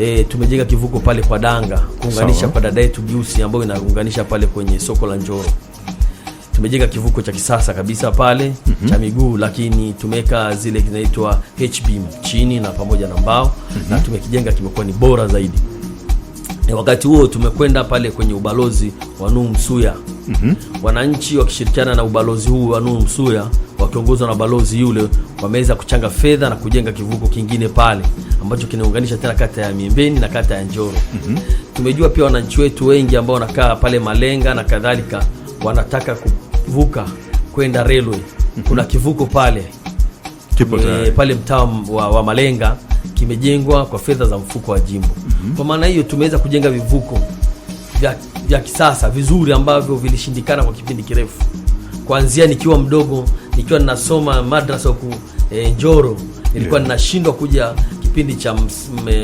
E, tumejenga kivuko pale kwa danga kuunganisha kwa dada yetu Jusi ambayo inaunganisha pale kwenye soko la Njoro. Tumejenga kivuko cha kisasa kabisa pale mm -hmm. cha miguu, lakini tumeweka zile zinaitwa HB chini na pamoja na mbao mm -hmm. na tumekijenga kimekuwa ni bora zaidi. E, wakati huo tumekwenda pale kwenye ubalozi wa Nuhu Msuya mm -hmm. Wananchi wakishirikiana na ubalozi huu wa Nuru Msuya wakiongozwa na balozi yule wameweza kuchanga fedha na kujenga kivuko kingine pale ambacho kinaunganisha tena kata ya Miembeni na kata ya Njoro. mm -hmm. Tumejua pia wananchi wetu wengi ambao wanakaa pale Malenga na kadhalika wanataka kuvuka kwenda railway. mm -hmm. Kuna kivuko pale e, pale mtaa wa, wa Malenga kimejengwa kwa fedha za mfuko wa jimbo. mm -hmm. Kwa maana hiyo tumeweza kujenga vivuko vya, vya kisasa vizuri ambavyo vilishindikana kwa kipindi kirefu, kuanzia nikiwa mdogo nikiwa ninasoma madrasa huku e, Njoro nilikuwa yeah, ninashindwa kuja kipindi cha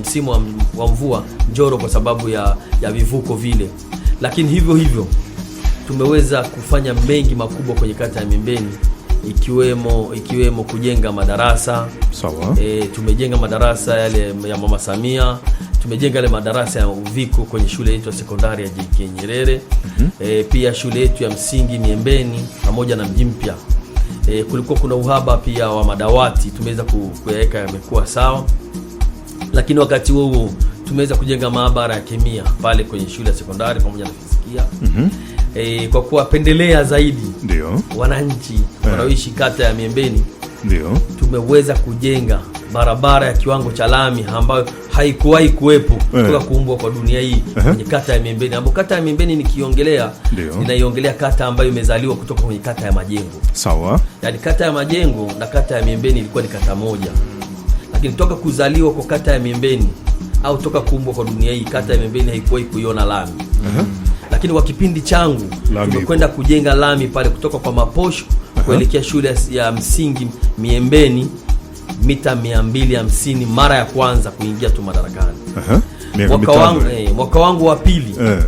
msimu wa, wa mvua Njoro kwa sababu ya, ya vivuko vile, lakini hivyo hivyo tumeweza kufanya mengi makubwa kwenye kata ya Mimbeni ikiwemo ikiwemo kujenga madarasa sawa. E, tumejenga madarasa yale ya Mama Samia, tumejenga yale madarasa ya Uviko kwenye shule yetu ya sekondari ya JK Nyerere mm -hmm. E, pia shule yetu ya msingi Miembeni pamoja na mji mpya e, kulikuwa kuna uhaba pia wa madawati, tumeweza kuyaweka yamekuwa sawa, lakini wakati huo huo tumeweza kujenga maabara ya kemia pale kwenye shule ya sekondari pamoja na fizikia mm -hmm e, kwa kuwapendelea zaidi ndio wananchi eh. wanaoishi kata ya Miembeni ndio tumeweza kujenga barabara ya kiwango cha lami ambayo haikuwahi kuwepo eh. kutoka kuumbwa kwa dunia hii eh. kwenye kata ya Miembeni, ambapo kata ya Miembeni nikiongelea, inaiongelea kata ambayo imezaliwa kutoka kwenye kata ya Majengo. Sawa, yaani kata ya Majengo na kata ya Miembeni ilikuwa ni kata moja, lakini toka kuzaliwa kwa kata ya Miembeni au toka kuumbwa kwa dunia hii, kata ya Miembeni haikuwahi kuiona lami. Uhum lakini kwa kipindi changu tumekwenda kujenga lami pale kutoka kwa Maposho kuelekea shule ya msingi Miembeni mita 250 mara ya kwanza kuingia tu madarakani. Mwaka wangu, eh, mwaka wangu wa pili eh,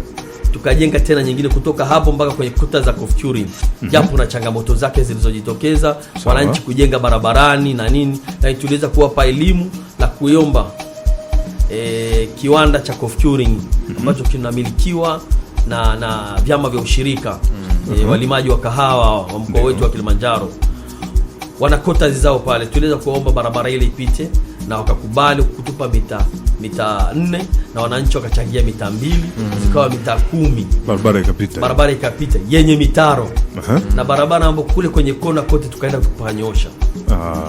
tukajenga tena nyingine kutoka hapo mpaka kwenye kuta za Kofchuri mm -hmm. Japo na changamoto zake zilizojitokeza wananchi kujenga barabarani na nini, na tuliweza kuwapa elimu na kuiomba eh, kiwanda cha Kofchuri mhm. ambacho mm -hmm. kinamilikiwa na na vyama vya ushirika mm -hmm. E, walimaji wa kahawa wa mkoa wetu wa Kilimanjaro wana kota zao pale, tuliweza kuomba barabara ile ipite na wakakubali kutupa mita mita nne na wananchi wakachangia mita mbili mm -hmm. zikawa mita kumi barabara ikapita, barabara ikapita yenye mitaro uh -huh. na barabara ambapo kule kwenye kona kote tukaenda kupanyosha ah.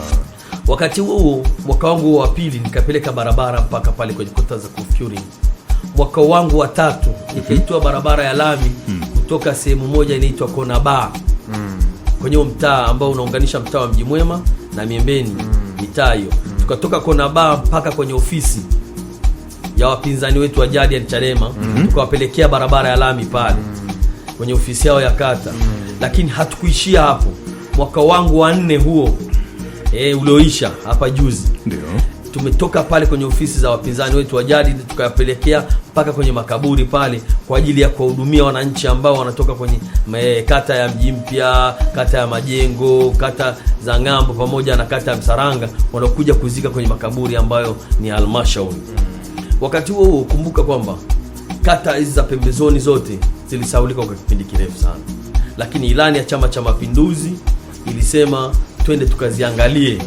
Wakati huo mwaka wangu wa pili nikapeleka barabara mpaka pale kwenye kota za Kufyuri mwaka wangu wa tatu mhm. nikaitoa barabara ya lami mhm. kutoka sehemu moja inaitwa Konaba mhm. kwenye mtaa ambao unaunganisha mtaa wa Mji Mwema na Miembeni mitaa hiyo, tukatoka Konaba mpaka kwenye ofisi ya wapinzani wetu wa jadi ya Chadema tukawapelekea barabara ya lami pale kwenye ofisi yao ya kata. Lakini hatukuishia hapo, mwaka wangu wa nne huo e, ulioisha hapa juzi tumetoka pale kwenye ofisi za wapinzani wetu wa jadi tukayapelekea mpaka kwenye makaburi pale kwa ajili ya kuwahudumia wananchi ambao wanatoka kwenye me, kata ya Mji Mpya, kata ya Majengo, kata za Ng'ambo pamoja na kata ya Msaranga wanaokuja kuzika kwenye makaburi ambayo ni halmashauri. Wakati huo huo, kumbuka kwamba kata hizi za pembezoni zote zilisaulika kwa kipindi kirefu sana, lakini ilani ya Chama cha Mapinduzi ilisema twende tukaziangalie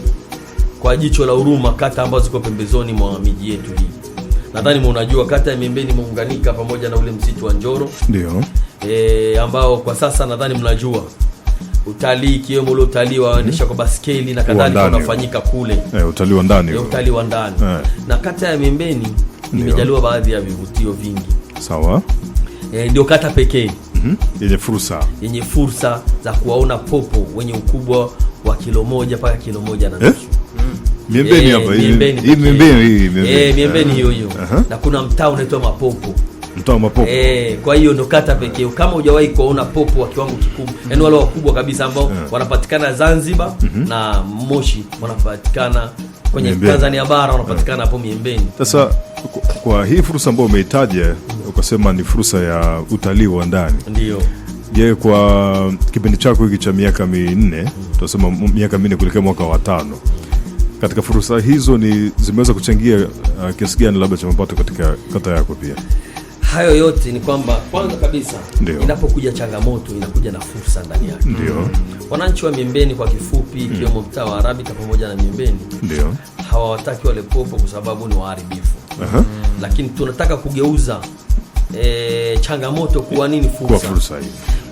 kwa jicho la huruma kata ambazo ziko pembezoni mwa miji yetu hii. Nadhani mnajua kata ya Miembeni imeunganika pamoja na ule msitu wa Njoro ndio e, ambao kwa sasa nadhani mnajua utalii ikiwemo ule utalii waendesha kwa baskeli na kadhalika unafanyika kule e, utalii wa ndani e, utalii wa ndani e. Na kata ya Miembeni imejaliwa baadhi ya vivutio vingi sawa. E, ndio kata pekee mm yenye fursa yenye fursa za kuwaona popo wenye ukubwa wa kilo moja mpaka kilo moja na eh? nusu eh? miembeni eh, hapa hivi miembeni hii miembeni miembeni hiyo eh, ah, hiyo, na kuna mtaa unaitwa Mapopo mtaa wa Mapopo eh. Kwa hiyo ndo kata pekee kama hujawahi kuona popo wa kiwango kikubwa, mm -hmm. yaani wale wakubwa kabisa ambao eh. wanapatikana Zanzibar mm -hmm. na Moshi, wanapatikana kwenye Tanzania bara, wanapatikana hapo miembeni. Sasa kwa hii fursa ambayo umeitaja ukasema ni fursa ya utalii wa ndani, ndio Je, kwa kipindi chako hiki cha miaka minne, mm. tunasema miaka minne kuelekea mwaka wa tano katika fursa hizo ni zimeweza kuchangia uh, kiasi gani labda cha mapato katika kata yako pia? Hayo yote ni kwamba kwanza kabisa inapokuja changamoto inakuja na fursa ndani yake. Ndio. Wananchi wa Miembeni kwa kifupi, mm. ikiwemo mm. mtaa wa Arabika pamoja na Miembeni ndio hawawataki wale kopo kwa sababu ni waharibifu. uh -huh. Lakini tunataka kugeuza e, changamoto kuwa nini fursa, kwa fursa hii.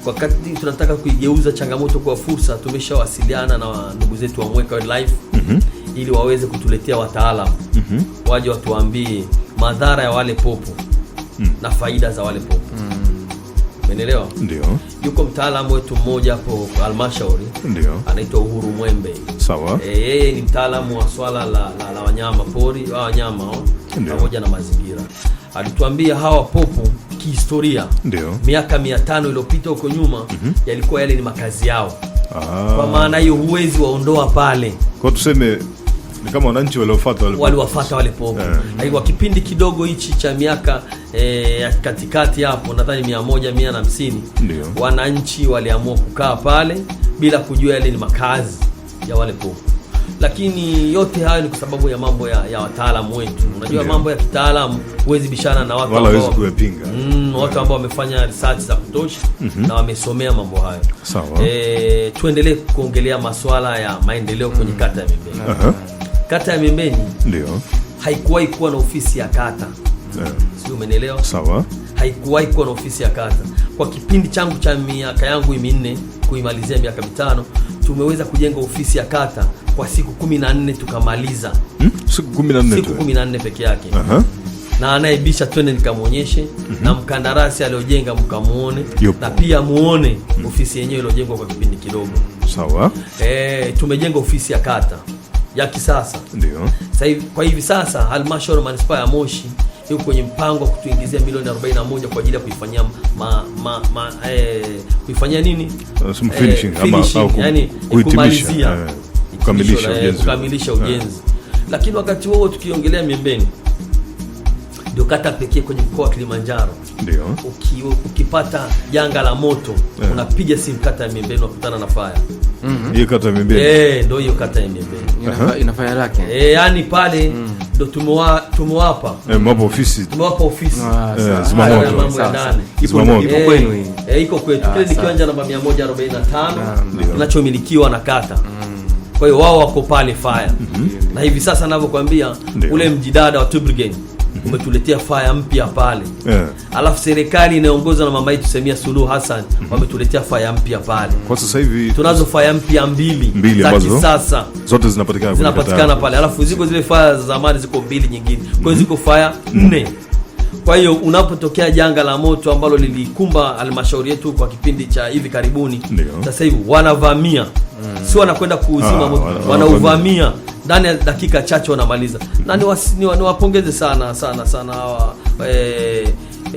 Wakati tunataka kuigeuza changamoto kwa fursa, tumeshawasiliana na ndugu zetu wa Mweka Life mm -hmm ili waweze kutuletea wataalamu mm -hmm. waje watuambie madhara ya wale popo mm. na faida za wale popo mm. Ndio. Yuko mtaalamu wetu mmoja hapo halmashauri anaitwa Uhuru Mwembe. Sawa. Eh, yeye ni mtaalamu wa swala la, la, la wanyama pori wa wanyama oh, pamoja na mazingira. Alituambia hawa popo kihistoria, miaka mia tano iliyopita huko nyuma mm -hmm. yalikuwa yale ni makazi yao. Aa. Ah. Kwa maana hiyo huwezi waondoa pale, kwa tuseme ni kama wananchi waliofuata waliwafuata wale pombe yeah. Kwa kipindi kidogo hichi cha miaka e, katikati hapo nadhani mia moja mia na hamsini wananchi waliamua kukaa pale bila kujua yale ni makazi ya wale pombe lakini yote hayo ni kwa sababu ya mambo ya, ya wataalamu wetu. Unajua yeah. mambo ya kitaalamu huwezi bishana na watu wala huwezi kuyapinga mm, watu ambao wamefanya research za kutosha mm -hmm. na wamesomea mambo hayo sawa. E, tuendelee kuongelea masuala ya maendeleo mm. kwenye kata ya Membela. uh -huh. Kata ya Membeni ndio haikuwahi kuwa na ofisi ya kata, sio? Umenielewa? Sawa. Haikuwahi kuwa na ofisi ya kata kwa kipindi changu cha miaka yangu minne kuimalizia miaka mitano tumeweza kujenga ofisi ya kata kwa siku kumi na nne tukamaliza. Hmm? siku kumi na nne siku kumi na nne peke yake. uh -huh. na anayebisha twende nikamwonyeshe. mm -hmm. na mkandarasi aliyojenga mkamwone na pia muone hmm. ofisi yenyewe iliyojengwa kwa kipindi kidogo. Sawa. E, tumejenga ofisi ya kata ya kisasa. Ndio. Sasa hivi kwa hivi sasa halmashauri manispaa ya Moshi iko kwenye mpango wa kutuingizia milioni 41 kwa ajili ya kuifanyia ma, ma, ma, eh, kuifanyia nini? Some finishing, eh, finishing, ama, yani, kumalizia eh, kukamilisha ujenzi, lakini wakati huo tukiongelea Miembeni ndio kata pekee kwenye mkoa wa Kilimanjaro ndio uki, ukipata janga la moto yeah. unapiga simu kata ya Miembeni unakutana na faya mm -hmm. hiyo kata ya Miembeni eh, ndio hiyo kata ya Miembeni Ina uh-huh. faya lake eh, yani pale mm. ndio mm. tumewa tumewapa eh, mambo ofisi tumewapa ofisi ah, eh, zima moto mambo ya ndani ipo ipo eh, kwenu hii eh, iko kwetu ah, kile ni kiwanja namba 145 kinachomilikiwa na kata mm. Kwa hiyo wao wako pale faya mm-hmm. na hivi sasa ninavyokuambia ule mjidada wa Two Brigade umetuletea faya mpya pale yeah. Alafu serikali inayoongozwa na mama yetu Samia Suluhu Hassan mm-hmm. wametuletea faya mpya pale. Kwa sasa hivi tunazo faya mpya mbili za kisasa, zote zinapatikana zinapatikana pale, alafu ziko zile faya za zamani ziko mbili nyingine, kwa hiyo mm-hmm. ziko faya mm-hmm. nne. Kwa hiyo unapotokea janga la moto ambalo lilikumba halmashauri yetu kwa kipindi cha hivi karibuni, sasa hivi wanavamia, si wanakwenda kuuzima ah, moto, wanauvamia wana ndani ya dakika chache wanamaliza, na niwapongeze ni, ni sana sana sana hawa eh,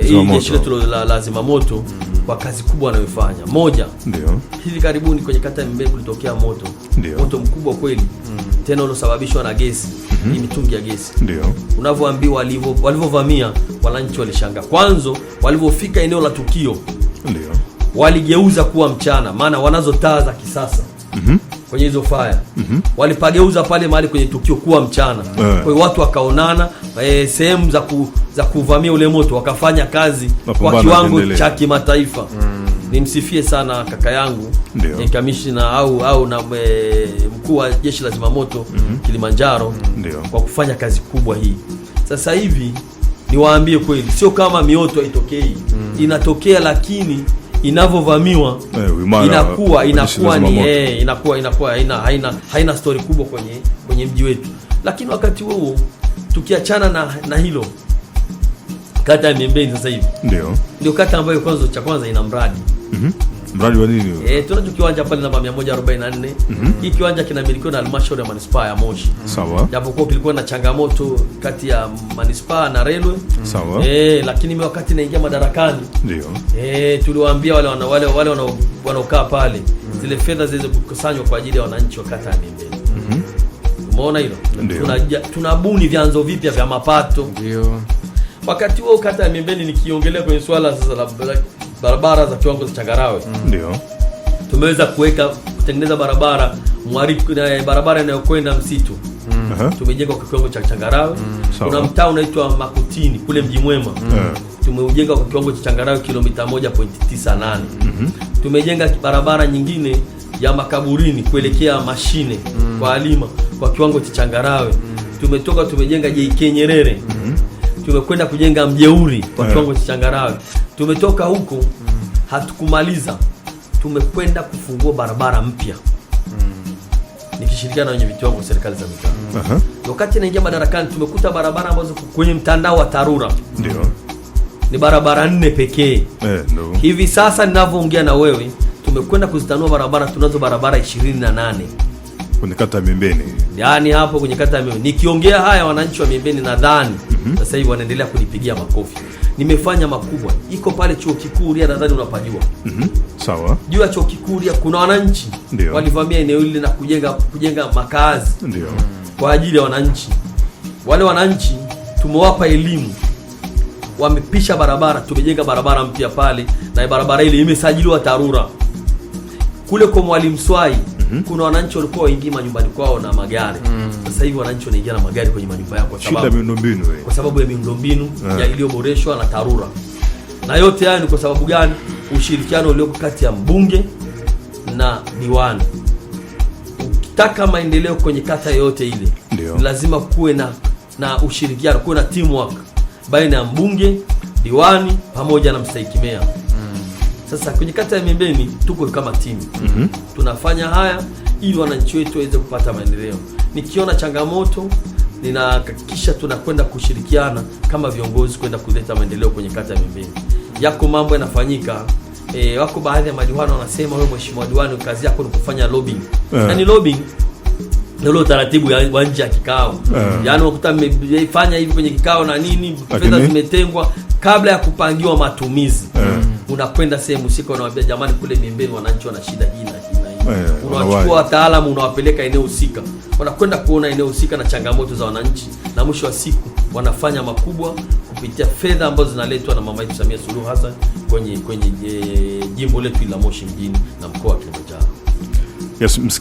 hii jeshi letu la, la zimamoto mm. kwa kazi kubwa wanayoifanya. Moja, ndio hivi karibuni kwenye kata ya kulitokea moto Ndiyo. moto mkubwa kweli mm. tena uliosababishwa na gesi mm. ni mitungi ya gesi. Ndio unavyoambiwa walivyovamia, wananchi walishanga kwanzo walivyofika eneo la tukio Ndiyo. waligeuza kuwa mchana, maana wanazo taa za kisasa mm -hmm kwenye hizo faya mm -hmm. walipageuza pale mahali kwenye tukio kuwa mchana mm -hmm. kwa watu wakaonana e, sehemu za, ku, za kuvamia ule moto wakafanya kazi Mapumbana kwa kiwango cha kimataifa mm -hmm. nimsifie sana kaka yangu e, kamishna au au na e, mkuu wa jeshi la zimamoto mm -hmm. Kilimanjaro mm -hmm. kwa kufanya kazi kubwa hii sasa hivi niwaambie kweli sio kama mioto haitokei mm -hmm. inatokea lakini inavyovamiwa eh, inakuwa inakuwa ni eh, inakuwa inakuwa haina haina haina stori kubwa kwenye kwenye mji wetu, lakini wakati huo tukiachana na, na hilo kata ya Miembeni sasa hivi ndio ndio kata ambayo kwanza cha kwanza ina mradi mm -hmm. Mradi wa nini Eh, tuna kiwanja pale namba 144. Mm -hmm. Hii kiwanja kinamilikiwa na Halmashauri ya Manispaa ya Moshi. Mhm. Sawa. Japokuwa kilikuwa na changamoto kati ya Manispaa na Railway. Mhm. Sawa. Eh, lakini mimi wakati naingia madarakani. Ndio. Eh, tuliwaambia wale wana wale wale wanaokaa pale mm -hmm. zile fedha kukusanywa kwa ajili ya wananchi wa kata ya Miembeni. Mhm. Umeona hilo? Tunabuni vyanzo vipya vya mapato. Ndio. Wakati huo kata ya Miembeni nikiongelea kwenye swala sasa la barabara za kiwango cha changarawe mm. ndio mm. tumeweza kuweka kutengeneza barabara mwariku, na barabara inayokwenda msitu mm. Uh-huh. Uh-huh. tumejenga kwa kiwango cha changarawe mm. kuna mtaa unaitwa Makutini kule mji mwema mm. tumeujenga kwa kiwango cha changarawe kilomita 1.98 mm -hmm. tumejenga barabara nyingine ya makaburini kuelekea mashine mm. kwa alima kwa kiwango cha changarawe mm. tumetoka tumejenga JK Nyerere mm -hmm tumekwenda kujenga mjeuri kwa eh. kiwango cha changarawe. Tumetoka huko mm. hatukumaliza, tumekwenda kufungua barabara mpya mm. nikishirikiana na wenye viti wangu serikali za mitaa. Uh -huh. Wakati naingia madarakani tumekuta barabara ambazo kwenye mtandao wa TARURA ni barabara nne pekee. Eh, Hivi sasa ninavyoongea na wewe tumekwenda kuzitanua barabara, tunazo barabara 28 kwenye kata ya Miembeni, yaani hapo kwenye kata ya Miembeni. Nikiongea haya wananchi wa Miembeni nadhani mm -hmm. sasa hivi wanaendelea kunipigia makofi. Nimefanya makubwa, iko pale chuo kikuu Ria, nadhani unapajua mm -hmm. sawa. Juu ya chuo kikuu Ria kuna wananchi walivamia eneo hili na kujenga kujenga makazi Ndiyo. kwa ajili ya wananchi wale. Wananchi tumewapa elimu wamepisha barabara, tumejenga barabara mpya pale, na barabara ile imesajiliwa TARURA. Kule kwa Mwalimu Swai -hmm. Kuna wananchi walikuwa waingia majumbani kwao na magari mm. Sasa hivi wananchi wanaingia na magari kwenye majumba yao kwa sababu kwa sababu ya miundombinu yeah. iliyoboreshwa na TARURA na yote hayo ni kwa sababu gani? Ushirikiano ulioko kati ya mbunge na diwani. Ukitaka maendeleo kwenye kata yoyote ile ni lazima kuwe na na ushirikiano, kuwe na teamwork baina ya mbunge, diwani pamoja na mstahiki meya. Sasa kwenye kata ya Mimbeni tuko kama timu mm -hmm. tunafanya haya ili wananchi wetu waweze kupata maendeleo. Nikiona changamoto ninahakikisha tunakwenda kushirikiana kama viongozi kwenda kuleta maendeleo kwenye kata ya Mimbeni. Yako mambo yanafanyika e, wako baadhi ya madiwani wanasema wewe mheshimiwa diwani kazi yako ni kufanya lobbying. Yeah. Yaani ni lobbying ndio utaratibu wa nje ya kikao. uh, Yaani wakuta mmefanya hivi kwenye kikao na nini, fedha zimetengwa kabla ya kupangiwa matumizi. Eh unakwenda sehemu husika, unawaambia jamani, kule miembeni wananchi wana shida hii na hii na unawachukua eh, wataalamu unawapeleka eneo husika, wanakwenda kuona eneo husika na changamoto za wananchi, na mwisho wa siku wanafanya makubwa kupitia fedha ambazo zinaletwa na mama yetu Samia Suluhu Hassan kwenye kwenye eh, jimbo letu la Moshi mjini na mkoa wa Kilimanjaro. Yes,